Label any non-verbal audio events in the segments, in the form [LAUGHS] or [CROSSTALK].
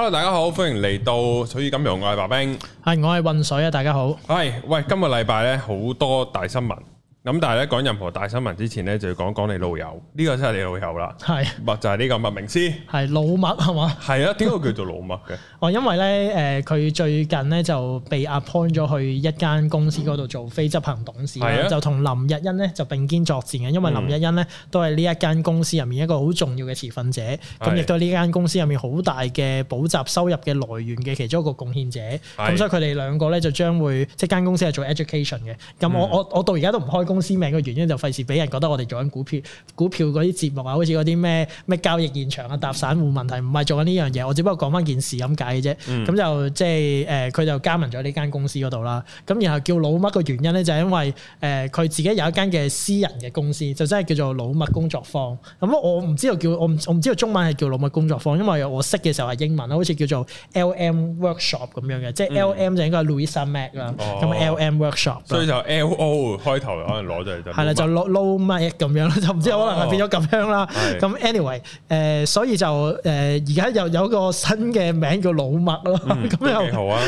hello，大家好，歡迎嚟到水與金融，我係白兵，係、yes, 我係渾水啊，大家好，係、hey, 喂，今日禮拜咧好多大新聞。咁但係咧講任何大新聞之前咧，就要講講你老友，呢、這個真係你老友啦。係的，麥就係呢個麥明詩。係老麥係嘛？係啊，點解叫做老麥嘅？ [LAUGHS] 哦，因為咧誒，佢、呃、最近咧就被 appoint 咗去一間公司嗰度做非執行董事的就同林日欣咧就並肩作戰嘅。因為林日欣咧、嗯、都係呢一間公司入面一個好重要嘅持份者，咁亦的都係呢間公司入面好大嘅補習收入嘅來源嘅其中一個貢獻者。咁的所以佢哋兩個咧就將會，即係間公司係做 education 嘅。咁我我我到而家都唔開工。公司名嘅原因就費事俾人覺得我哋做緊股票股票嗰啲節目啊，好似嗰啲咩咩交易現場啊、搭散戶問題，唔係做緊呢樣嘢。我只不過講翻件事咁解嘅啫。咁就即係誒，佢就加盟咗呢間公司嗰度啦。咁然後叫老麥嘅原因咧，就係因為誒佢自己有一間嘅私人嘅公司，就真係叫做老麥工作坊。咁啊，我唔知道叫我唔我唔知道中文係叫老麥工作坊，因為我識嘅時候係英文啦，好似叫做 L M Workshop 咁樣嘅，即係 L M 就應該係 Louisa Mak 啦。咁 L M Workshop，所以就 L O 開頭。攞咗嚟係啦，就撈撈麥咁樣啦，就唔知可能變咗咁樣啦。咁、oh. anyway，誒、呃，所以就誒，而、呃、家又有一個新嘅名叫老麥咯。咁、嗯、又幾好啊！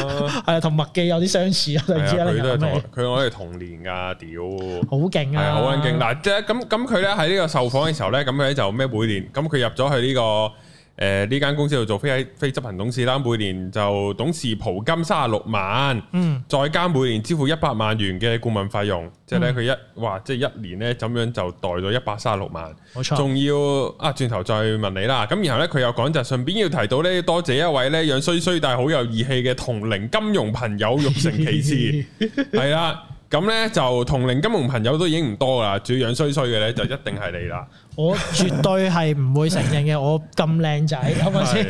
係啊，同麥記有啲相似啊。你知啊，佢都係同佢，我哋同年噶，屌，好勁啊，好勁！嗱，即係咁，咁佢咧喺呢個受訪嘅時候咧，咁佢就咩每年咁佢入咗去呢個。誒呢間公司度做非非執行董事啦，每年就董事袍金三十六萬，嗯，再加每年支付一百萬元嘅顧問費用，嗯、即係咧佢一，哇！即係一年咧咁樣就袋咗一百三十六萬，冇錯。仲要啊，轉頭再問你啦，咁然後咧佢又講就順便要提到咧，多謝一位咧，樣衰衰但係好有義氣嘅同齡金融朋友，玉成其事，係 [LAUGHS] 啦。咁咧就同齡金融朋友都已經唔多噶啦，最樣衰衰嘅咧就一定係你啦。我絕對係唔會承認嘅， [LAUGHS] 我咁靚仔係咪先？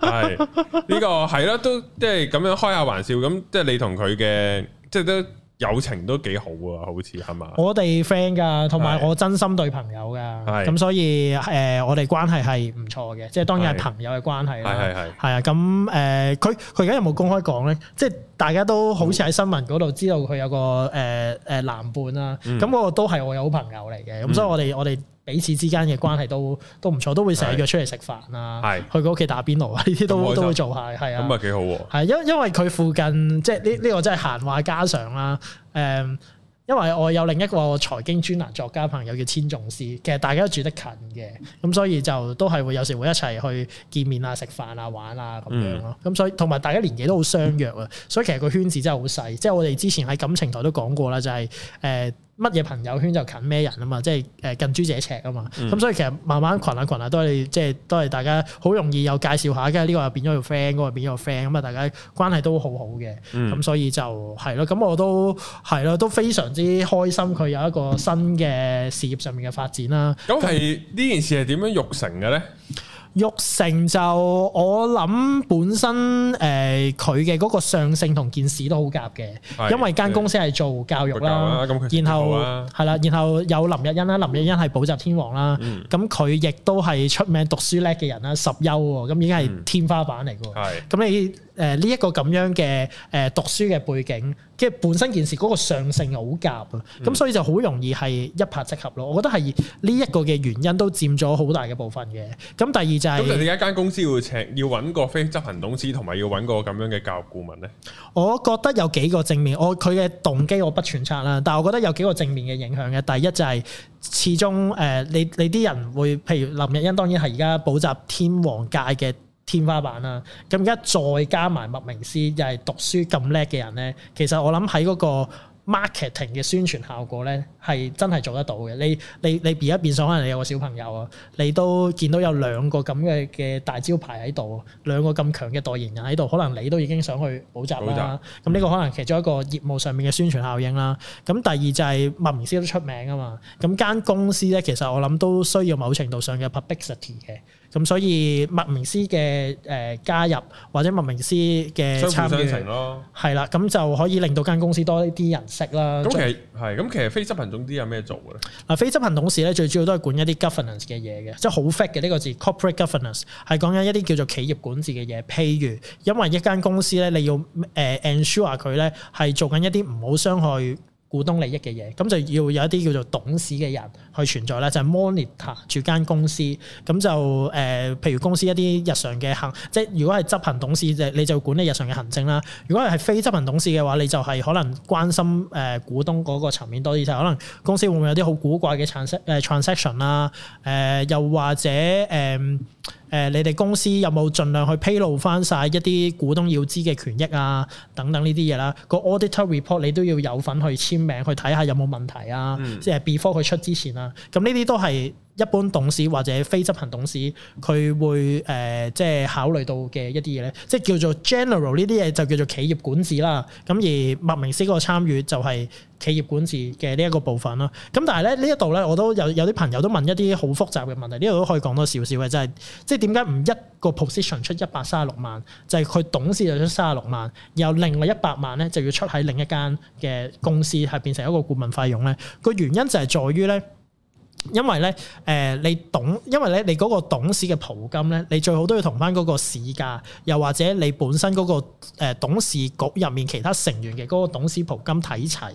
係呢、 [LAUGHS] 呢個係咯，都即係咁樣開下玩笑。咁即係你同佢嘅即係都友情都幾好啊，好似係嘛？我哋 friend 噶，同埋我真心對朋友噶。咁是所以誒、呃，我哋關係係唔錯嘅，即係當然係朋友嘅關係啦。係係係。係啊，咁誒，佢佢而家有冇公開講咧？即係。大家都好似喺新聞嗰度知道佢有個誒誒男伴啦，咁、嗯、個都係我嘅好朋友嚟嘅，咁、嗯、所以我哋我哋彼此之間嘅關係都、嗯、都唔錯，都會成日約出嚟食飯啊，是去佢屋企打邊爐啊，呢啲都都會做下，係啊，咁咪幾好喎？係因因為佢附近即係呢呢個真係閒話家常啦，誒、嗯。因為我有另一個財經專欄作家朋友叫千重思，其實大家都住得近嘅，咁所以就都係會有時會一齊去見面啊、食飯啊、玩啊咁樣咯。咁所以同埋大家年紀都好相若啊，所以其實個圈子真係好細。即係我哋之前喺感情台都講過啦，就係、是、誒。呃乜嘢朋友圈就近咩人啊嘛，即係誒近朱者赤啊嘛，咁、嗯、所以其實慢慢群啊群啊都係即係都係大家好容易有介紹下，跟住呢個又變咗個 friend，嗰個變咗個 friend，咁啊大家關係都好好嘅，咁、嗯、所以就係咯，咁我都係咯，都非常之開心佢有一個新嘅事業上面嘅發展啦。咁係呢件事係點樣育成嘅咧？ [LAUGHS] 玉成就我諗本身誒佢嘅嗰個上性同見市都好夾嘅，是因為間公司係做教育啦，嗯、然後係啦，嗯、然後有林溢欣啦，嗯、林溢欣係補習天王啦，咁佢亦都係出名讀書叻嘅人啦，十優喎，咁依家係天花板嚟㗎，咁、嗯、你。誒呢一個咁樣嘅誒讀書嘅背景，跟住本身件事嗰個上性好夾啊，咁、嗯嗯、所以就好容易係一拍即合咯。我覺得係呢一個嘅原因都佔咗好大嘅部分嘅。咁、嗯、第二就係、是、咁就係間公司要請要揾個非執行董事，同埋要揾個咁樣嘅教育顧問咧。我覺得有幾個正面，我佢嘅動機我不揣測啦。但係我覺得有幾個正面嘅影響嘅。第一就係、是、始終誒、呃，你你啲人會譬如林溢欣當然係而家補習天王界嘅。天花板啦，咁而家再加埋麥明詩又係讀書咁叻嘅人咧，其實我諗喺嗰個 marketing 嘅宣傳效果咧，係真係做得到嘅。你你你而家變相可能你有個小朋友啊，你都見到有兩個咁嘅嘅大招牌喺度，兩個咁強嘅代言人喺度，可能你都已經想去補習啦。咁呢習個可能其中一個業務上面嘅宣傳效應啦。咁、嗯、第二就係麥明詩都出名啊嘛。咁間公司咧，其實我諗都需要某程度上嘅 publicity 嘅。咁所以麥明詩嘅誒加入或者麥明詩嘅參與，係啦，咁就可以令到間公司多一啲人識啦。咁其實係，咁其實非執行總之有咩做嘅咧？嗱，非執行董事咧最主要都係管一啲 governance 嘅嘢嘅，即係好 fake 嘅呢個字，corporate governance 係講緊一啲叫做企業管治嘅嘢。譬如因為一間公司咧，你要誒 ensure 佢咧係做緊一啲唔好傷害。股東利益嘅嘢，咁就要有一啲叫做董事嘅人去存在啦，就係、是、monitor 住間公司，咁就誒、呃、譬如公司一啲日常嘅行，即係如果係執行董事就你就管理日常嘅行政啦；如果係非執行董事嘅話你就係可能關心誒、呃、股東嗰個層面多啲，就可能公司會唔會有啲好古怪嘅 trans 誒 transaction 啦、呃，誒又或者誒。呃誒、呃，你哋公司有冇盡量去披露翻晒一啲股東要知嘅權益啊？等等呢啲嘢啦，個 auditor report 你都要有份去簽名去睇下有冇問題啊？嗯、即係 before 佢出之前啊，咁呢啲都係。一般董事或者非執行董事，佢會誒、呃、即係考慮到嘅一啲嘢咧，即係叫做 general 呢啲嘢就叫做企業管治啦。咁而莫明思嗰個參與就係企業管治嘅呢一個部分啦。咁但係咧呢一度咧，我都有有啲朋友都問一啲好複雜嘅問題，呢度都可以講多少少嘅，即係即係點解唔一個 position 出一百三十六萬，就係、是、佢董事就出三十六萬，然後另外一百萬咧就要出喺另一間嘅公司，係變成一個顧問費用咧，個原因就係在於咧。因為咧，誒你董，因為咧你嗰個董事嘅蒲金咧，你最好都要同翻嗰個市價，又或者你本身嗰個董事局入面其他成員嘅嗰個董事蒲金睇齊。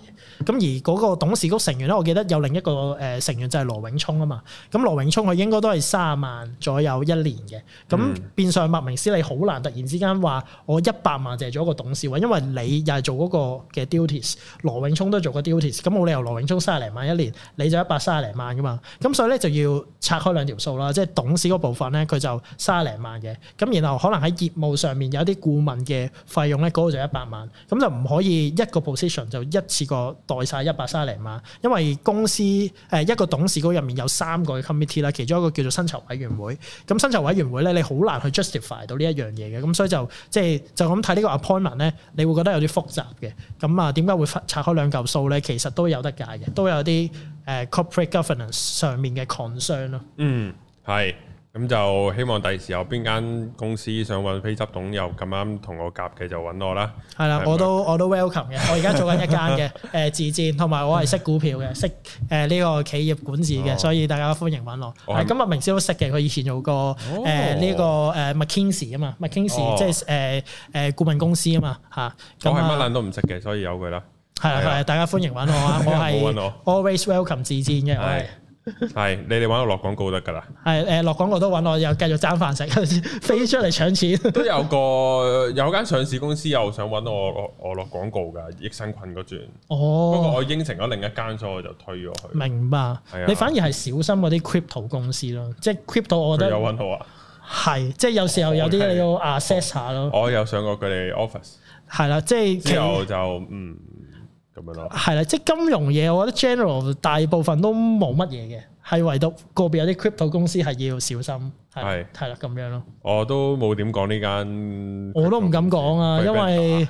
咁而嗰個董事局成員咧，我記得有另一個誒成員就係羅永聰啊嘛。咁羅永聰佢應該都係卅萬左右一年嘅。咁變相麥明詩，你好難突然之間話我一百萬淨係做一個董事位，因為你又係做嗰個嘅 duties，羅永聰都做個 duties，咁冇理由羅永聰卅零萬一年，你就一百卅零萬噶嘛。咁所以咧就要拆開兩條數啦，即係董事嗰部分咧，佢就三十零萬嘅，咁然後可能喺業務上面有啲顧問嘅費用咧，嗰、那、度、個、就一百萬，咁就唔可以一個 position 就一次過代晒一百三十零萬，因為公司誒、呃、一個董事局入面有三個 committee 啦，其中一個叫做薪酬委員會，咁薪酬委員會咧你好難去 justify 到呢一樣嘢嘅，咁所以就即係就咁、是、睇呢個 appointment 咧，你會覺得有啲複雜嘅，咁啊點解會拆開兩嚿數咧？其實都有得解嘅，都有啲。誒 corporate governance 上面嘅 concern 咯，嗯，係，咁就希望第時有邊間公司想揾非執董又咁啱同我夾嘅就揾我啦，係啦，我都我都 welcome 嘅，我而家做緊一間嘅誒自薦，同埋我係識股票嘅，識誒呢個企業管治嘅，所以大家歡迎揾我。係今日明詩都識嘅，佢以前做過誒呢個誒麥肯錫啊嘛，麥肯錫即係誒誒顧問公司啊嘛嚇。我係乜撚都唔識嘅，所以有佢啦。係啊，係大家歡迎揾我啊，我係 always welcome 自薦嘅。係，係你哋揾我落廣告得噶啦。係誒，落廣告都揾我，又繼續爭飯食，飛出嚟搶錢。都有個有間上市公司又想揾我，我落廣告噶益生菌嗰轉。哦，不過我應承咗另一間，所以我就推咗佢。明白。係啊。你反而係小心嗰啲 crypto 公司咯，即係 crypto，我覺得。佢有揾到啊？係，即係有時候有啲你要 assess 下咯。我有上過佢哋 office。係啦，即係之後就嗯。係啦，即係金融嘢，我覺得 general 大部分都冇乜嘢嘅。係唯獨個別有啲 crypto 公司係要小心，係係啦咁樣咯。我都冇點講呢間，我都唔敢講啊，因為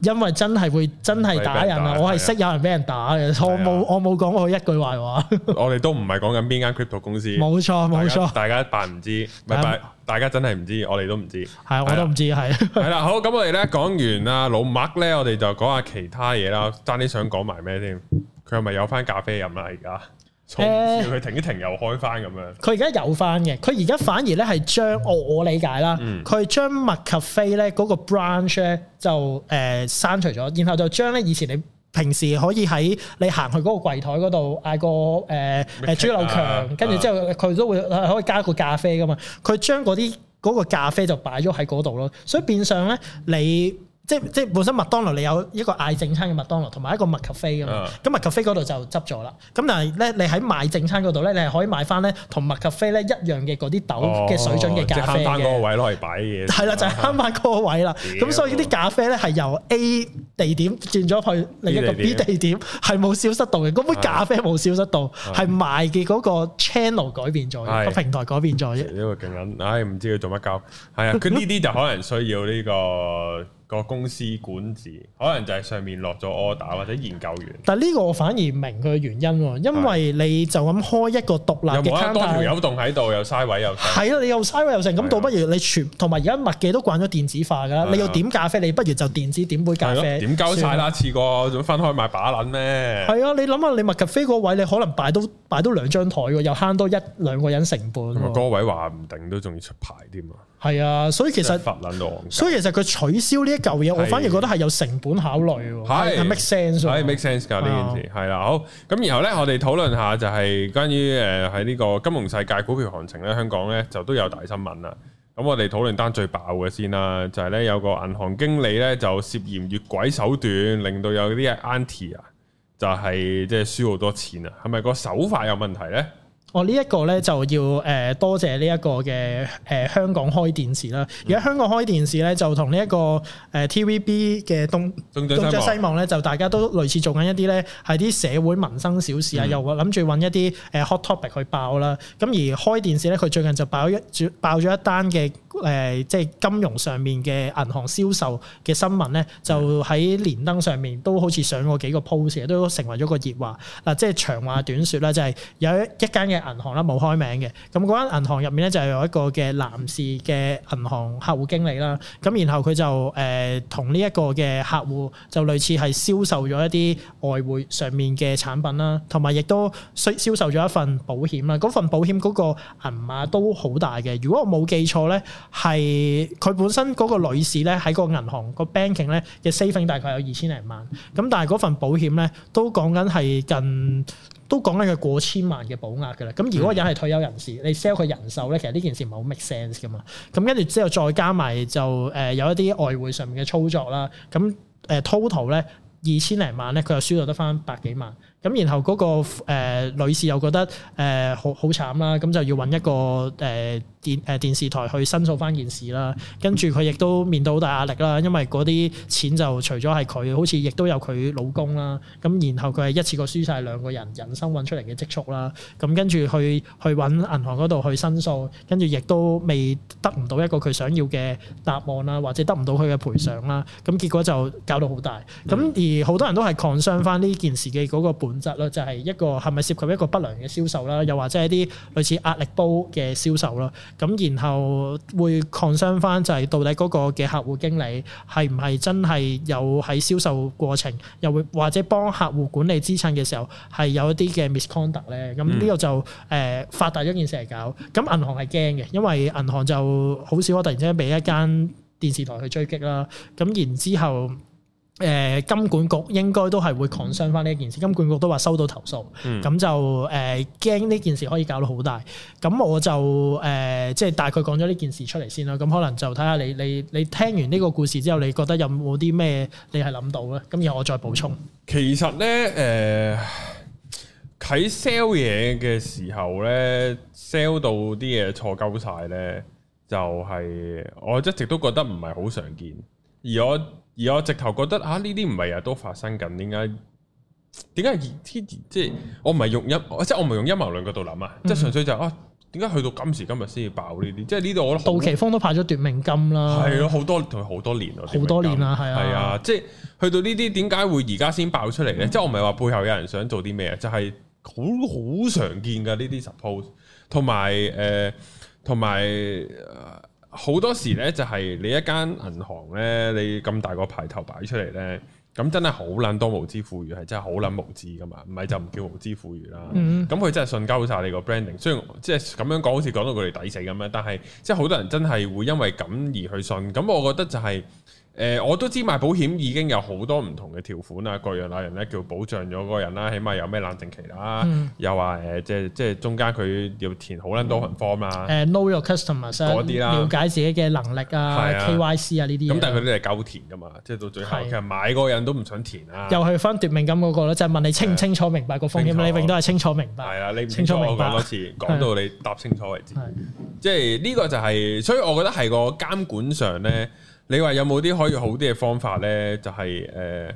因為真係會真係打人啊！我係識有人俾人打嘅，我冇我冇講過一句壞話。我哋都唔係講緊邊間 crypto 公司，冇錯冇錯，大家扮唔知，係大家真係唔知，我哋都唔知，係我都唔知，係係啦。好咁，我哋咧講完阿老麥咧，我哋就講下其他嘢啦，爭啲想講埋咩添？佢係咪有翻咖啡飲啊而家？誒，佢停一停又開翻咁樣。佢而家有翻嘅，佢而家反而咧係將我、哦、我理解啦，佢、嗯、將麥咖啡咧嗰個 branch 咧就誒、呃、刪除咗，然後就將咧以前你平時可以喺你行去嗰個櫃台嗰度嗌個誒誒豬柳強，跟住、啊、之後佢都會可以加個咖啡㗎嘛，佢將嗰啲嗰個咖啡就擺咗喺嗰度咯，所以變相咧你。即係即係本身麥當勞你有一個嗌正餐嘅麥當勞，同埋一個麥咖啡咁樣。咁麥咖啡嗰度就執咗啦。咁但係咧，你喺賣正餐嗰度咧，你係可以買翻咧同麥咖啡咧一樣嘅嗰啲豆嘅水準嘅咖啡嘅。即係慳翻嗰個位攞嚟擺嘢。係啦，就係慳翻嗰個位啦。咁所以呢啲咖啡咧係由 A 地點轉咗去另一個 B 地點，係冇消失到嘅。嗰杯咖啡冇消失到，係賣嘅嗰個 channel 改變咗，個平台改變咗啫。呢個勁緊唉，唔知佢做乜鳩？係啊，佢呢啲就可能需要呢個。個公司管治可能就係上面落咗 order 或者研究員，但係呢個我反而唔明佢嘅原因，因為你就咁開一個獨立嘅，又多條有洞喺度，又嘥位又係咯、啊，你又嘥位又成，咁、啊、倒不如你全同埋而家麥記都慣咗電子化㗎啦，啊、你要點咖啡，你不如就電子點杯咖啡，點交晒啦次過，仲分開賣把撚咩？係啊，你諗下你麥咖啡個位，你可能擺到擺都兩張台喎，又慳多一兩個人成本，個位話唔定都仲要出牌添啊！係啊，所以其實，所以其實佢取消呢一嚿嘢，的我反而覺得係有成本考慮喎，係 make sense，係 make sense 㗎呢件事，係啦，好咁，然後咧，我哋討論下就係關於誒喺呢個金融世界股票行情咧，香港咧就都有大新聞啦。咁我哋討論單最爆嘅先啦，就係、是、咧有個銀行經理咧就涉嫌越軌手段，令到有啲 Auntie 啊、就是，就係即係輸好多錢啊，係咪個手法有問題咧？我呢一個咧就要誒、呃、多謝呢一個嘅誒、呃、香港開電視啦。而家、嗯、香港開電視咧，就同、這個呃、呢一個誒 TVB 嘅東東張西望咧，就大家都類似做緊一啲咧，係啲社會民生小事啊，嗯、又諗住搵一啲誒、呃、hot topic 去爆啦。咁而開電視咧，佢最近就爆一爆咗一單嘅。誒、呃，即係金融上面嘅銀行銷售嘅新聞咧，就喺連登上面都好似上過幾個 post，都成為咗個熱話。嗱、啊，即係長話短説啦，就係、是、有一間嘅銀行啦，冇開名嘅。咁嗰間銀行入面咧，就係有一個嘅男士嘅銀行客戶經理啦。咁然後佢就誒同呢一個嘅客戶，就類似係銷售咗一啲外匯上面嘅產品啦，同埋亦都銷銷售咗一份保險啦。嗰份保險嗰個銀碼都好大嘅。如果我冇記錯咧。係佢本身嗰個女士咧，喺個銀行個 banking 咧嘅 saving 大概有二千零萬，咁但係嗰份保險咧都講緊係近，都講緊佢過千萬嘅保額噶啦。咁如果人係退休人士，你 sell 佢人壽咧，其實呢件事唔係好 make sense 噶嘛。咁跟住之後再加埋就誒有一啲外匯上面嘅操作啦。咁誒 total 咧二千零萬咧，佢又輸到得翻百幾萬。咁然後嗰個、呃、女士又覺得誒好好慘啦，咁就要揾一個誒。呃電誒電視台去申訴翻件事啦，跟住佢亦都面對好大壓力啦，因為嗰啲錢就除咗係佢，好似亦都有佢老公啦，咁然後佢係一次過輸晒兩個人人生揾出嚟嘅積蓄啦，咁跟住去去揾銀行嗰度去申訴，跟住亦都未得唔到一個佢想要嘅答案啦，或者得唔到佢嘅賠償啦，咁結果就搞到好大，咁而好多人都係 concern 翻呢件事嘅嗰個本質啦，就係、是、一個係咪涉及一個不良嘅銷售啦，又或者一啲類似壓力煲嘅銷售啦。咁然後會抗辯翻，就係到底嗰個嘅客戶經理係唔係真係有喺銷售過程，又會或者幫客戶管理資產嘅時候，係有一啲嘅 misconduct 咧。咁呢、嗯、個就誒、呃、發達咗件事嚟搞。咁銀行係驚嘅，因為銀行就好少可突然之間俾一間電視台去追擊啦。咁然之後。誒、呃、金管局應該都係會 concern 返呢一件事，金管局都話收到投訴，咁、嗯、就誒驚呢件事可以搞到好大，咁我就誒即係大概講咗呢件事出嚟先啦，咁可能就睇下你你你聽完呢個故事之後，你覺得有冇啲咩你係諗到咧？咁然後我再補充。其實咧誒喺 sell 嘢嘅時候咧，sell 到啲嘢錯鳩晒咧，就係、是、我一直都覺得唔係好常見，而我。而我直頭覺得啊，呢啲唔係日都發生緊點解？點解即係我唔係用陰，嗯、我即係我唔係用陰謀論嗰度諗啊！即係純粹就啊，點解去到今時今日先要爆呢啲？即係呢度我杜琪峰都拍咗《奪命金》啦，係咯，好多同好多年咯，好多年啦，係啊，係啊，即係、啊就是、去到呢啲，點解會而家先爆出嚟咧？即係、嗯、我唔係話背後有人想做啲咩啊？就係好好常見噶呢啲 suppose，同埋誒，同埋。呃好多時咧，就係你一間銀行咧，你咁大個牌頭擺出嚟咧，咁真係好撚多無知富裕。係真係好撚無知噶嘛，唔係就唔叫無知富裕啦。咁佢、嗯、真係信鳩晒你個 branding，雖然即係咁樣講，好似講到佢哋抵死咁樣，但係即係好多人真係會因為咁而去信。咁我覺得就係、是。誒，我都知買保險已經有好多唔同嘅條款啊，各樣那人咧叫保障咗個人啦，起碼有咩冷靜期啦，又話誒，即係即係中間佢要填好卵多份 form 啦，誒，know your customers 嗰啲啦，了解自己嘅能力啊，K Y C 啊呢啲，咁但係佢哋係夠填噶嘛，即係到最後其實買個人都唔想填啊。又去翻奪命金嗰個咧，就問你清唔清楚明白個風險，你永都係清楚明白，係啊，你清楚明白多次，講到你答清楚為止，即係呢個就係，所以我覺得係個監管上咧。你話有冇啲可以好啲嘅方法咧？就係、是。誒、呃。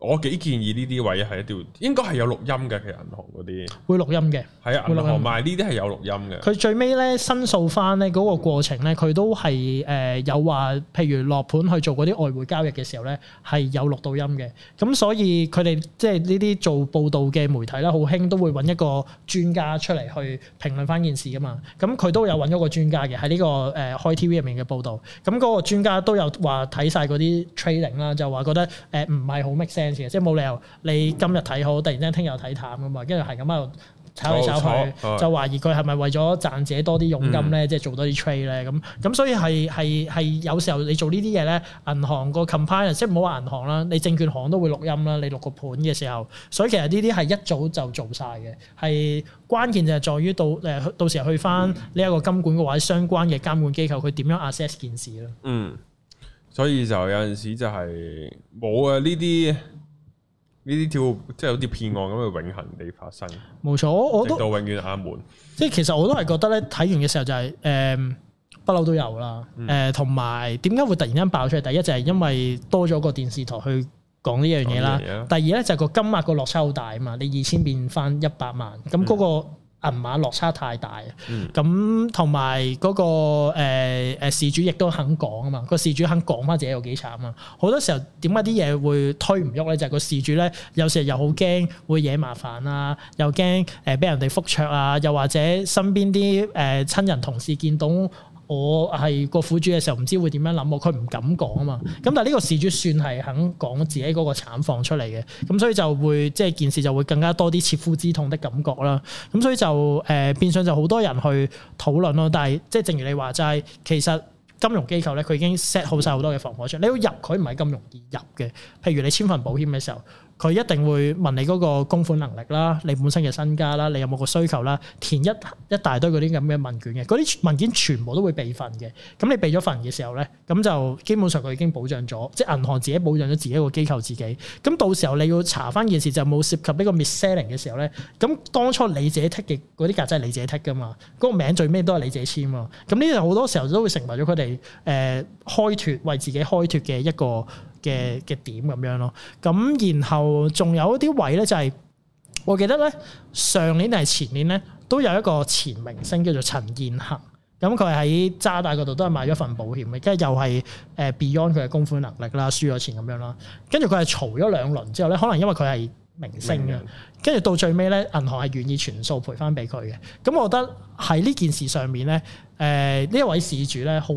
我幾建議呢啲位係一啲應該係有錄音嘅，其實銀行嗰啲會錄音嘅，係啊，銀行賣呢啲係有錄音嘅。佢最尾咧申訴翻咧嗰個過程咧，佢都係誒、呃、有話，譬如落盤去做嗰啲外匯交易嘅時候咧，係有錄到音嘅。咁所以佢哋即係呢啲做報導嘅媒體咧，好興都會揾一個專家出嚟去評論翻件事噶嘛。咁佢都有揾咗個專家嘅喺呢個誒、呃、開 TV 入面嘅報導。咁嗰個專家都有話睇晒嗰啲 trading 啦，就話覺得誒唔係好 make sense。呃即係冇理由，你今日睇好，突然間聽日又睇淡噶嘛，跟住係咁喺度炒嚟炒去，就懷疑佢係咪為咗賺自己多啲佣金咧，即係做多啲 trade 咧咁。咁所以係係係，有時候你做呢啲嘢咧，銀行個 complain，即係唔好話銀行啦，你證券行都會錄音啦，你錄個盤嘅時候，所以其實呢啲係一早就做晒嘅，係關鍵就係在於到誒到時去翻呢一個金管嘅話，相關嘅監管機構佢點樣 assess 件事咯。嗯，所以就有陣時就係冇啊呢啲。呢啲叫即係好似騙案咁，永恆地發生。冇錯，我我都永遠下門。即係其實我都係覺得咧，睇完嘅時候就係誒不嬲都有啦。誒同埋點解會突然間爆出嚟？第一就係、是、因為多咗個電視台去講呢樣嘢啦。第二咧就係、是、個金額個落差好大啊嘛。你二千變翻一百萬，咁嗰、那個。嗯人馬落差太大，咁同埋嗰個誒、呃、事主亦都肯講啊嘛，個事主肯講翻自己有幾慘啊！好多時候點解啲嘢會推唔喐咧？就係、是、個事主咧，有時候又好驚會惹麻煩啊，又驚誒俾人哋覆桌啊，又或者身邊啲誒親人同事見到。我係個苦主嘅時候，唔知會點樣諗我佢唔敢講啊嘛。咁但係呢個事主算係肯講自己嗰個慘況出嚟嘅，咁所以就會即係、就是、件事就會更加多啲切膚之痛的感覺啦。咁所以就誒、呃、變相就好多人去討論咯。但係即係正如你話，就係其實金融機構咧，佢已經 set 好晒好多嘅防火牆，你要入佢唔係咁容易入嘅。譬如你簽份保險嘅時候。佢一定會問你嗰個供款能力啦，你本身嘅身家啦，你有冇個需求啦，填一一大堆嗰啲咁嘅問卷嘅，嗰啲文件全部都會備份嘅。咁你備咗份嘅時候咧，咁就基本上佢已經保障咗，即係銀行自己保障咗自己一個機構自己。咁到時候你要查翻件事就冇涉及呢個 mis-selling 嘅時候咧，咁當初你自己剔嘅嗰啲格真係你自己剔㗎嘛，嗰個名最尾都係你自己簽嘛。咁呢啲好多時候都會成為咗佢哋誒開脱為自己開脱嘅一個。嘅嘅點咁樣咯，咁然後仲有一啲位咧，就是，就係我記得咧，上年定係前年咧，都有一個前明星叫做陳建行，咁佢喺渣打嗰度都係買咗份保險，跟住又係誒 Beyond 佢嘅供款能力啦，輸咗錢咁樣啦，跟住佢係嘈咗兩輪之後咧，可能因為佢係明星嘅。跟住到最尾咧，銀行係願意全數賠翻俾佢嘅，咁我覺得喺呢件事上面咧，誒、呃、呢一位事主咧好。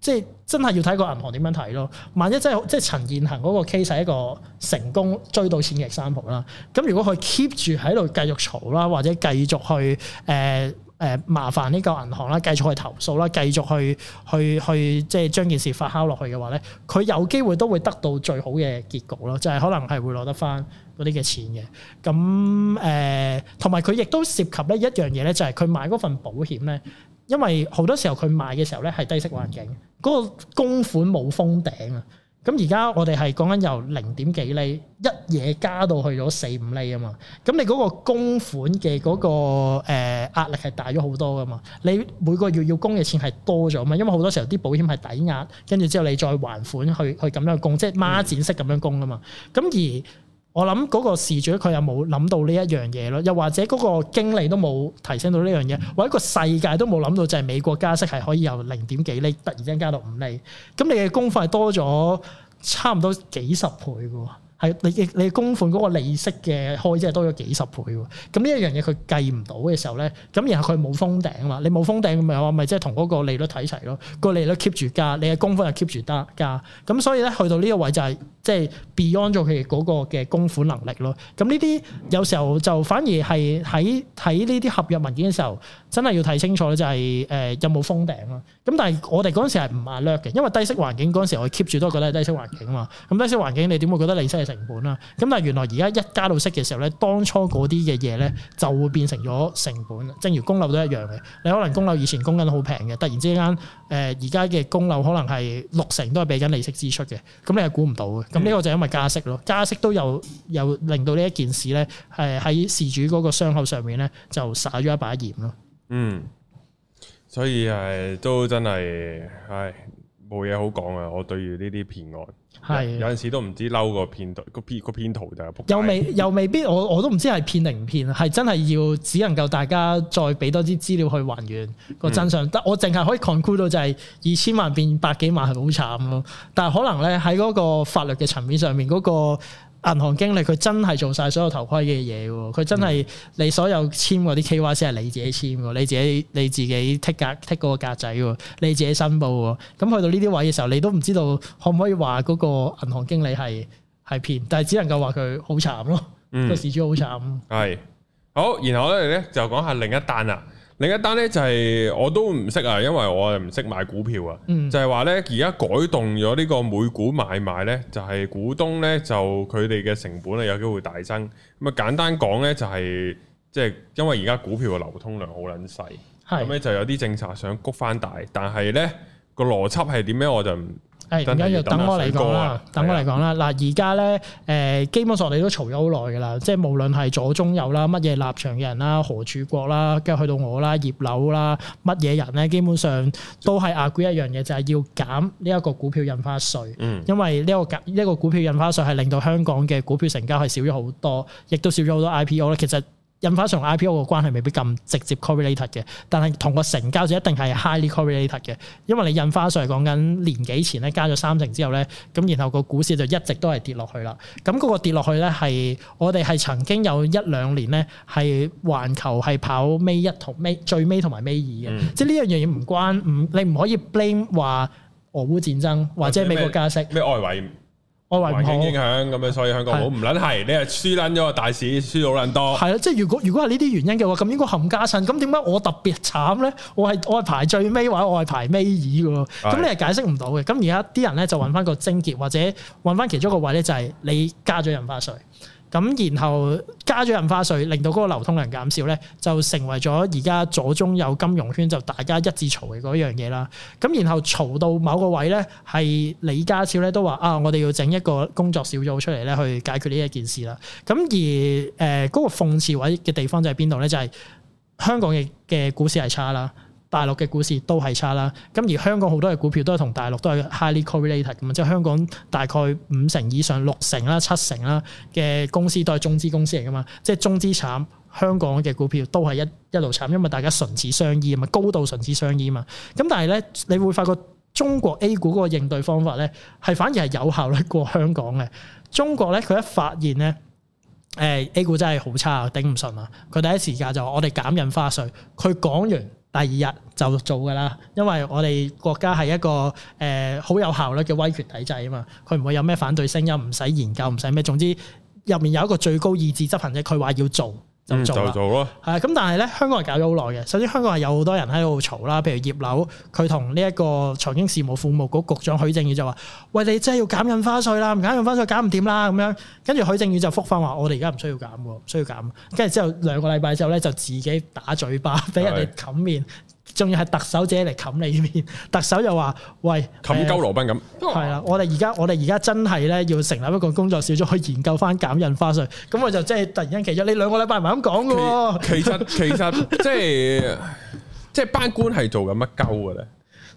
即係真係要睇個銀行點樣睇咯。萬一真係即係陳健行嗰個 case 係一個成功追到錢嘅 sample 啦，咁如果佢 keep 住喺度繼續嘈啦，或者繼續去誒誒、呃、麻煩呢個銀行啦，繼續去投訴啦，繼續去去去即係將件事發酵落去嘅話咧，佢有機會都會得到最好嘅結局咯，就係、是、可能係會攞得翻嗰啲嘅錢嘅。咁誒，同埋佢亦都涉及咧一樣嘢咧，就係、是、佢買嗰份保險咧。因為好多時候佢賣嘅時候咧係低息環境，嗰、嗯、個供款冇封頂啊。咁而家我哋係講緊由零點幾厘一嘢加到去咗四五厘啊嘛。咁你嗰個供款嘅嗰、嗰個誒、呃、壓力係大咗好多噶嘛。你每個月要供嘅錢係多咗嘛？因為好多時候啲保險係抵押，跟住之後你再還款去去咁樣供，即係孖展式咁樣供啊嘛。咁而我諗嗰個事主佢又冇諗到呢一樣嘢咯，又或者嗰個經歷都冇提升到呢樣嘢，或者個世界都冇諗到就係美國加息係可以由零點幾厘突然間加到五厘，咁你嘅功費多咗差唔多幾十倍嘅。係你你你供款嗰個利息嘅開即係多咗幾十倍喎，咁呢一樣嘢佢計唔到嘅時候咧，咁然後佢冇封頂嘛，你冇封頂咪話咪即係同嗰個利率睇齊咯，個利率 keep 住加，你嘅供款又 keep 住得加，咁所以咧去到呢個位就係即係 beyond 咗佢嗰個嘅供款能力咯，咁呢啲有時候就反而係喺睇呢啲合約文件嘅時候，真係要睇清楚咧、就係，就係誒有冇封頂啊。咁但係我哋嗰陣時係唔阿略嘅，因為低息環境嗰陣時我 keep 住都覺得係低息環境啊嘛。咁低息環境你點會覺得利息係成本啊？咁但係原來而家一加到息嘅時候咧，當初嗰啲嘅嘢咧就會變成咗成本。正如供樓都一樣嘅，你可能供樓以前供緊好平嘅，突然之間誒而家嘅供樓可能係六成都係俾緊利息支出嘅，咁你係估唔到嘅。咁呢個就因為加息咯，加息都有有令到呢一件事咧，係喺事主嗰個傷口上面咧就撒咗一把鹽咯。嗯。所以係都真係唉，冇嘢好講啊！我對於呢啲騙案係的有陣時都唔知嬲個騙徒，個騙個騙徒就係仆街，又未又未必，我我都唔知係騙定唔騙，係真係要只能夠大家再俾多啲資料去還原個真相。但、嗯、我淨係可以 conclude 到就係二千萬變百幾萬係好慘咯。但係可能咧喺嗰個法律嘅層面上面嗰個。銀行經理佢真係做晒所有頭盔嘅嘢喎，佢真係你所有簽嗰啲 K Y C 係你自己簽喎，你自己你自己 tick 格 tick 個格仔喎，你自己申報喎。咁去到呢啲位嘅時候，你都唔知道可唔可以話嗰個銀行經理係係騙，但係只能夠話佢好慘咯。個事主好慘。係、嗯、好，然後我咧就講下另一單啦。另一單咧就係、是、我都唔識啊，因為我又唔識買股票啊。嗯、就係話咧，而家改動咗呢個每股買賣咧，就係、是、股東咧就佢哋嘅成本咧有機會大增。咁啊簡單講咧就係、是，即、就、係、是、因為而家股票嘅流通量好撚細，咁咧是就有啲政策想谷翻大，但係咧個邏輯係點咧我就唔。誒唔、哎、緊要，等我嚟講啦，等我嚟講啦。嗱，而家咧，誒基本上你都嘈咗好耐㗎啦。即係無論係左中右啦，乜嘢立場嘅人啦，何柱國啦，跟住去到我啦，葉劉啦，乜嘢人咧，基本上都係 agree 一樣嘢，就係、是、要減呢一個股票印花稅。嗯。因為呢、這、一個呢一、這個、股票印花稅係令到香港嘅股票成交係少咗好多，亦都少咗好多 IPO 咧。其實。印花稅同 IPO 嘅關係未必咁直接 correlated 嘅，但係同個成交就一定係 highly correlated 嘅，因為你印花稅講緊年幾前咧加咗三成之後咧，咁然後個股市就一直都係跌落去啦。咁、那、嗰個跌落去咧係我哋係曾經有一兩年咧係環球係跑尾一同尾最尾同埋尾二嘅，即係呢樣嘢唔關唔你唔可以 blame 話俄烏戰爭或者美國加息咩外圍。環境影響咁樣，所以香港好唔撚係，你係輸撚咗個大市，輸到撚多。係啊，即係如果如果係呢啲原因嘅話，咁應該冚家鏟。咁點解我特別慘咧？我係我係排最尾或者我係排尾二嘅。咁是你係解釋唔到嘅。咁而家啲人咧就揾翻個症結，嗯、或者揾翻其中一個位咧，就係你加咗印花稅。咁然後加咗印花稅，令到嗰個流通量減少咧，就成為咗而家左中右金融圈就大家一致嘈嘅嗰樣嘢啦。咁然後嘈到某個位咧，係李家超咧都話啊，我哋要整一個工作小組出嚟咧，去解決呢一件事啦。咁而誒嗰、呃嗰個諷刺位嘅地方就係邊度咧？就係、係、香港嘅嘅股市係差啦。大陸嘅股市都係差啦，咁而香港好多嘅股票都係同大陸都係 highly correlated 咁啊，即係香港大概五成以上、六成啦、七成啦嘅公司都係中資公司嚟噶嘛，即係中資慘，香港嘅股票都係一一路慘，因為大家唇齒相依啊嘛，高度唇齒相依啊嘛。咁但係咧，你會發覺中國 A 股嗰個應對方法咧，係反而係有效率過香港嘅。中國咧，佢一發現咧，誒、欸、A 股真係好差啊，頂唔順啊，佢第一時間就話我哋減印花稅。佢講完。第二日就做㗎喇，因為我哋國家係一個誒好、呃、有效率嘅威權體制啊嘛，佢唔會有咩反對聲音，唔使研究，唔使咩，總之入面有一個最高意志執行者，佢話要做。就做咯，係咁、嗯，但係咧香港係搞咗好耐嘅。首先香港係有好多人喺度嘈啦，譬如葉劉，佢同呢一個財經事務庫務局,局局長許正宇就話：喂，你真係要減印花稅啦？唔減印花稅減唔掂啦咁樣。跟住許正宇就覆翻話：我哋而家唔需要減嘅，唔需要減。跟住之後兩個禮拜之後咧，就自己打嘴巴，俾人哋冚面。仲要係特首姐嚟，冚你面，特首又話，喂，冚鳩羅賓咁，係啦，我哋而家我哋而家真係咧要成立一個工作小組去研究翻減印花稅，咁我就即係突然間，其實你兩個禮拜唔係咁講嘅。其實其實即係即係班官係做緊乜鳩嘅咧？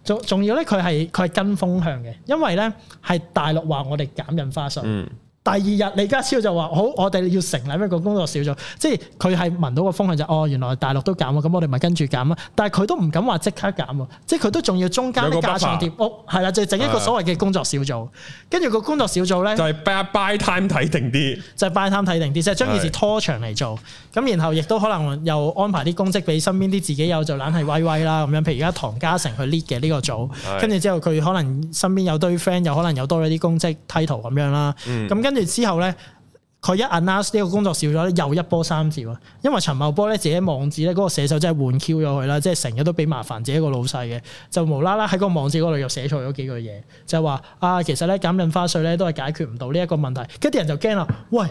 仲仲要咧，佢係佢係跟風向嘅，因為咧係大陸話我哋減印花稅。嗯。第二日李家超就話好，我哋要成立一個工作小組，即係佢係聞到個風向就哦，原來大陸都減，咁、嗯、我哋咪跟住減咯。但係佢都唔敢話即刻減啊，即係佢都仲要中間加重碟屋，係啦，就整一個所謂嘅工作小組。跟住個工作小組咧，就係 buy time 睇定啲，就係 buy time 睇定啲，即係將件事拖長嚟做。咁是的 然後亦都可能又安排啲公職俾身邊啲自己有就懶係威威啦咁樣。譬如而家唐家成佢 lead 嘅呢個組，跟住之後佢可能身邊有堆 friend，又可能有多咗啲公職 title 咁樣啦。咁跟。跟住之後呢，佢一 announce 呢個工作少咗咧，又一波三折。因為陳茂波呢，自己網址呢嗰個寫手真係換 Q 咗佢啦，即係成日都俾麻煩自己個老細嘅，就無啦啦喺個網址嗰度又寫錯咗幾句嘢，就話，啊，其實呢，減印花稅呢都係解決唔到呢一個問題。跟住啲人就驚啦，喂，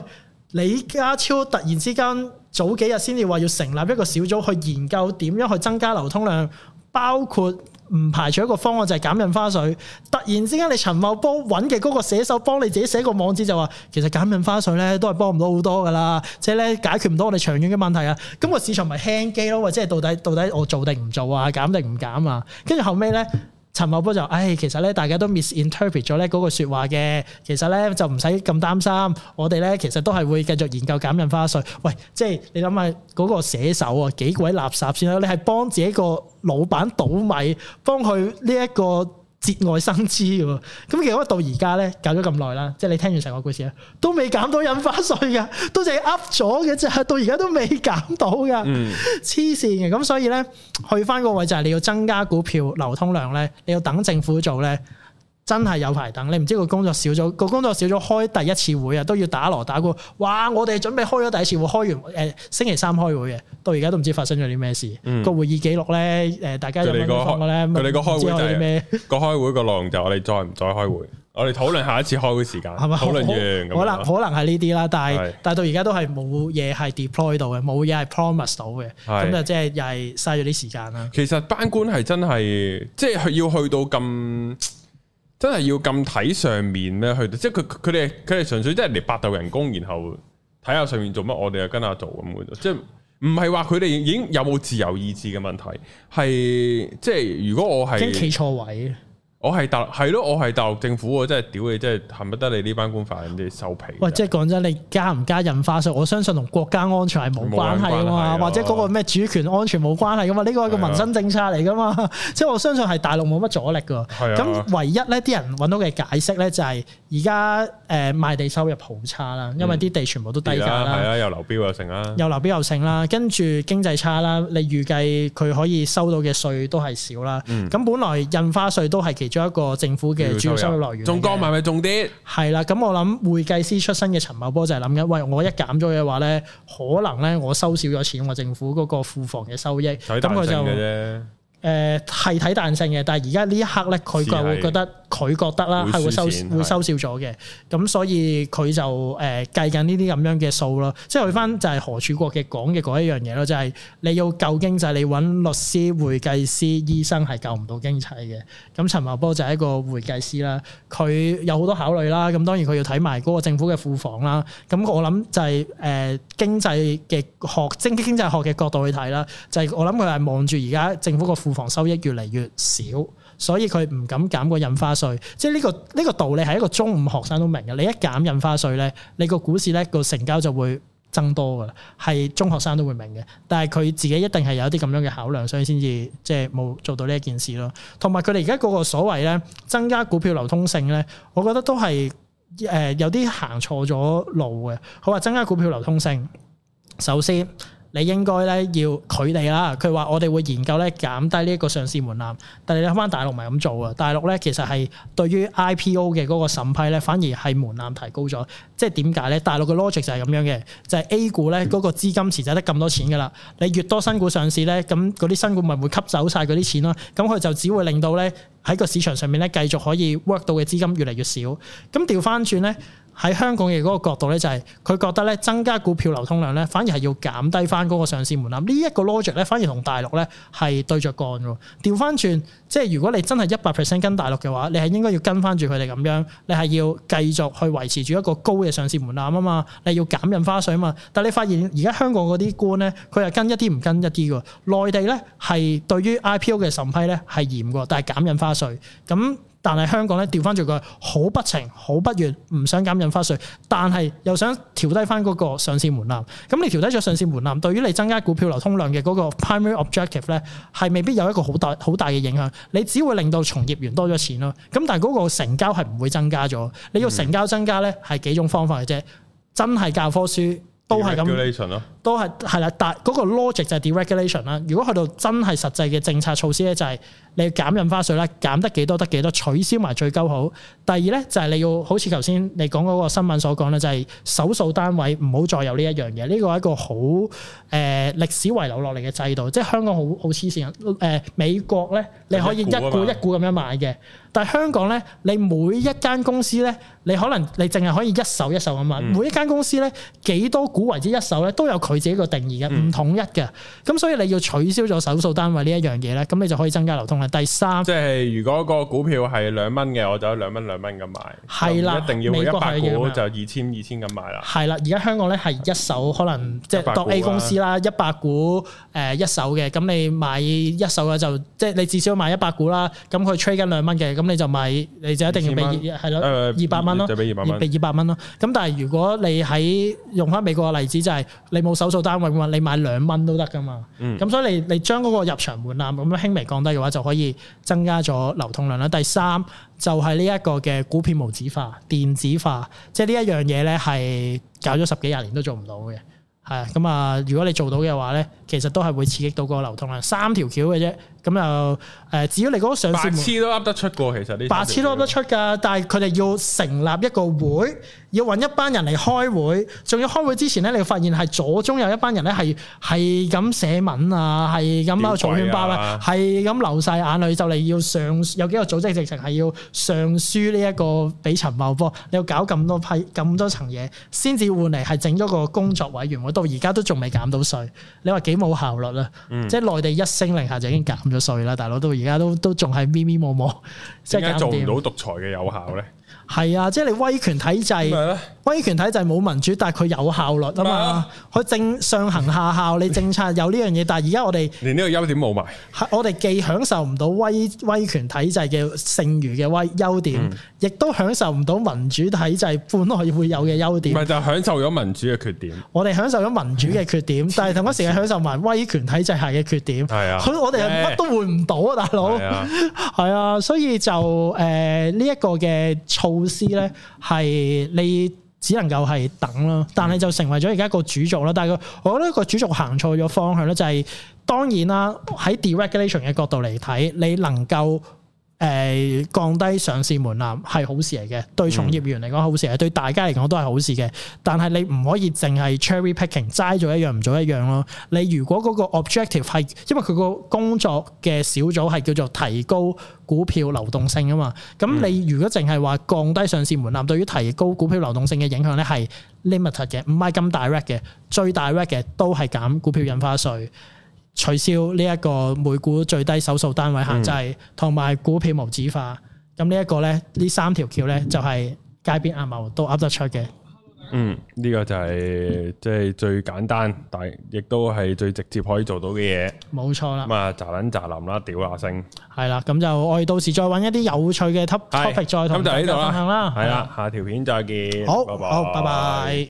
李家超突然之間早幾日先至話要成立一個小組去研究點樣去增加流通量。包括唔排除一個方案就係減印花稅。突然之間，你陳茂波揾嘅嗰個寫手幫你自己寫個網址就，就話其實減印花稅呢都係幫唔到好多噶啦，即係呢解決唔到我哋長遠嘅問題啊。咁個市場咪 hang 機咯，或者係到底到底我做定唔做啊，減定唔減啊？跟住後尾呢。陳茂波就唉，其實咧大家都 misinterpret 咗咧嗰個説話嘅，其實咧就唔使咁擔心，我哋咧其實都係會繼續研究減印花稅。喂，即係你諗下嗰個寫手啊，幾鬼垃圾先啦！你係幫自己個老闆倒米，幫佢呢一個。節外生枝嘅，咁其實到而家咧，搞咗咁耐啦，即係你聽完成個故事咧，都未減到印花稅嘅，都淨係 up 咗嘅，即到而家都未減到嘅，黐線嘅，咁所以咧，去翻個位就係你要增加股票流通量咧，你要等政府做咧。真係有排等，你唔知個工作小組，個工作小組開第一次會啊，都要打鑼打鼓。哇，我哋準備開咗第一次會，開完誒星期三開會嘅，到而家都唔知發生咗啲咩事。個會議記錄咧，誒，大家有冇送嘅佢哋個開會有啲咩？個開會個內容就我哋再唔再開會？我哋討論下一次開會時間係咪？討論完可能可能係呢啲啦，但係但係到而家都係冇嘢係 deploy 到嘅，冇嘢係 promise 到嘅，咁就即係又係嘥咗啲時間啦。其實班官係真係即係要去到咁。真係要咁睇上面咩去？即係佢佢哋佢哋純粹即係嚟，百度人工，然後睇下上面做乜，我哋又跟下做咁。即係唔係話佢哋已經有冇自由意志嘅問題？係即係如果我係企錯位。我係大陸係咯，我係大陸政府我真係屌你，真係恨不得你呢班官犯人哋收皮。喂，即係講真，你加唔加印花稅，我相信同國家安全係冇關係啊嘛，或者嗰個咩主權安全冇關係啊嘛，呢個係個民生政策嚟噶嘛，係啊、即係我相信係大陸冇乜阻力嘅。咁係、啊、唯一呢啲人揾到嘅解釋呢，就係而家誒賣地收入好差啦，因為啲地全部都低價啦，係、嗯嗯、啊，啊流又又流標又剩啦，又流標又剩啦，跟住經濟差啦，你預計佢可以收到嘅稅都係少啦。咁、嗯、本來印花稅都係其仲有一個政府嘅主要收入來源，仲降咪咪重啲，係啦。咁我諗會計師出身嘅陳茂波就係諗緊，喂，我一減咗嘅話咧，可能咧我收少咗錢，我政府嗰個庫房嘅收益，咁佢就。誒係睇彈性嘅，但係而家呢一刻咧，佢就覺得佢是覺得啦，係會收會，會收少咗嘅，咁是所以佢就誒、呃、計緊呢啲咁樣嘅數咯。即係回翻就係何柱國嘅講嘅嗰一樣嘢咯，就係、是、你要救經濟，你揾律師、會計師、醫生係救唔到經濟嘅。咁陳茂波就係一個會計師啦，佢有好多考慮啦。咁當然佢要睇埋嗰個政府嘅庫房啦。咁我諗就係、是、誒、呃、經濟嘅學經濟經濟學嘅角度去睇啦，就係、是、我諗佢係望住而家政府個庫房收益越嚟越少，所以佢唔敢減個印花稅。即係呢個呢個道理係一個中五學生都明嘅。你一減印花稅咧，你個股市咧個成交就會增多噶啦，係中學生都會明嘅。但係佢自己一定係有啲咁樣嘅考量，所以先至即係冇做到呢一件事咯。同埋佢哋而家嗰個所謂咧增加股票流通性咧，我覺得都係誒有啲行錯咗路嘅。佢話增加股票流通性，首先。你應該咧要佢哋啦，佢話我哋會研究咧減低呢一個上市門檻，但係你睇翻大陸唔係咁做啊！大陸咧其實係對於 IPO 嘅嗰個審批咧，反而係門檻提高咗。即係點解咧？大陸嘅 logic 就係咁樣嘅，就係 A 股咧嗰個資金池就得咁多錢㗎啦。你越多新股上市咧，咁嗰啲新股咪會吸走晒嗰啲錢咯。咁佢就只會令到咧喺個市場上面咧繼續可以 work 到嘅資金越嚟越少。咁調翻轉咧。喺香港嘅嗰個角度咧，就係、是、佢覺得咧，增加股票流通量咧，反而係要減低翻嗰個上市門檻。這個、呢一個 logic 咧，反而同大陸咧係對着幹喎。調翻轉，即係如果你真係一百 percent 跟大陸嘅話，你係應該要跟翻住佢哋咁樣，你係要繼續去維持住一個高嘅上市門檻啊嘛，你要減印花稅啊嘛。但你發現而家香港嗰啲官咧，佢係跟一啲唔跟一啲嘅。內地咧係對於 IPO 嘅審批咧係嚴嘅，但係減印花稅咁。但係香港咧，調翻轉佢好不情、好不願，唔想減印花稅，但係又想調低翻嗰個上市門檻。咁你調低咗上市門檻，對於你增加股票流通量嘅嗰個 primary objective 咧，係未必有一個好大好大嘅影響。你只會令到從業員多咗錢咯。咁但係嗰個成交係唔會增加咗。你要成交增加咧，係幾種方法嘅啫。真係教科書都係咁。叫咯、嗯，都係係啦。但係嗰個 logic 就係 deregulation 啦。如果去到真係實際嘅政策措施咧、就係，就係。你減印花稅咧，減得幾多得幾多，取消埋最鈎好。第二咧就係、是、你要好似頭先你講嗰個新聞所講咧，就係、是、手數單位唔好再有呢一樣嘢。呢個係一個好誒、呃、歷史遺留落嚟嘅制度，即係香港好好黐線。誒、呃、美國咧你可以一股一股咁樣買嘅，但係香港咧你每一間公司咧，你可能你淨係可以一手一手咁買，嗯、每一間公司咧幾多股為之一手咧都有佢自己個定義嘅，唔統一嘅。咁、嗯、所以你要取消咗手數單位呢一樣嘢咧，咁你就可以增加流通。第三，即係如果個股票係兩蚊嘅，我就兩蚊兩蚊咁買，係啦，一定要一百股就二千二千咁買啦。係啦，而家香港咧係一手可能即係多 A 公司啦，一百股誒一手嘅，咁你買一手嘅就即係你至少買一百股啦。咁佢 trade 緊兩蚊嘅，咁你就買，你就一定要俾係咯，誒，二百蚊咯，俾二百蚊咯。咁但係如果你喺用翻美國嘅例子，就係你冇手數單位嘅話，你買兩蚊都得噶嘛。咁所以你你將嗰個入場門檻咁樣輕微降低嘅話，就可。可以增加咗流通量啦。第三就係呢一個嘅股票無紙化、電子化，即係呢一樣嘢咧，係搞咗十幾廿年都做唔到嘅。係咁啊，如果你做到嘅話咧，其實都係會刺激到個流通量。三條橋嘅啫。咁又誒？只要、呃、你嗰個上市，白痴都噏得出過，其實啲白痴都噏得出噶。但係佢哋要成立一個會，嗯、要揾一班人嚟開會，仲要開會之前咧，你發現係左中有一班人咧，係係咁寫文啊，係咁啊，嘈喧巴閉，係咁流晒眼淚，就嚟要上有幾個組織直情係要上書呢一個俾陳茂波，你要搞咁多批咁多層嘢，先至換嚟係整咗個工作委員會，到而家都仲未減到稅，你話幾冇效率啦？嗯、即係內地一聲令下就已經減。嗯咁啦，大佬都而家都都仲係咪咪摸摸，即係做唔到獨裁嘅有效咧？係啊，即係你威權體制，威權體制冇民主，但係佢有效率啊嘛，佢政上行下效，你政策有呢樣嘢，但係而家我哋連呢個優點冇埋，我哋既享受唔到威威權體制嘅剩餘嘅威優點。嗯亦都享受唔到民主體制本來會有嘅優點，唔係就是，享受咗民主嘅缺點，我哋享受咗民主嘅缺點， [LAUGHS] 但係同一時間享受埋威權體制下嘅缺點，係 [LAUGHS] 啊。咁我哋乜都換唔到啊，大佬係啊。所以就誒呢一個嘅措施咧，係你只能夠係等咯，但係就成為咗而家個主軸啦。但係佢我覺得一個主軸行錯咗方向咧，就是，就係當然啦。喺 deregulation 嘅角度嚟睇，你能夠。誒、呃、降低上市門檻係好事嚟嘅，對從業員嚟講好事，係、嗯、對大家嚟講都係好事嘅。但係你唔可以淨係 cherry picking，齋做一樣唔做一樣咯。你如果嗰個 objective 係因為佢個工作嘅小組係叫做提高股票流動性啊嘛，咁你如果淨係話降低上市門檻，對於提高股票流動性嘅影響咧係 limited 嘅，唔係咁 direct 嘅，最 direct 嘅都係減股票印花稅。取消呢一個每股最低手數單位限制，同埋、嗯、股票無紙化，咁呢一個咧，呢三條橋咧就係街邊阿茂都噏得出嘅。嗯，呢、呢個就係即係最簡單，嗯、但亦都係最直接可以做到嘅嘢。冇錯啦。咁啊、嗯，炸撚炸淋啦，屌下聲。係啦，咁就我哋到時再揾一啲有趣嘅 top topic，再同大家分享啦。係啦，下條片再見。好，拜拜。好，好，拜拜。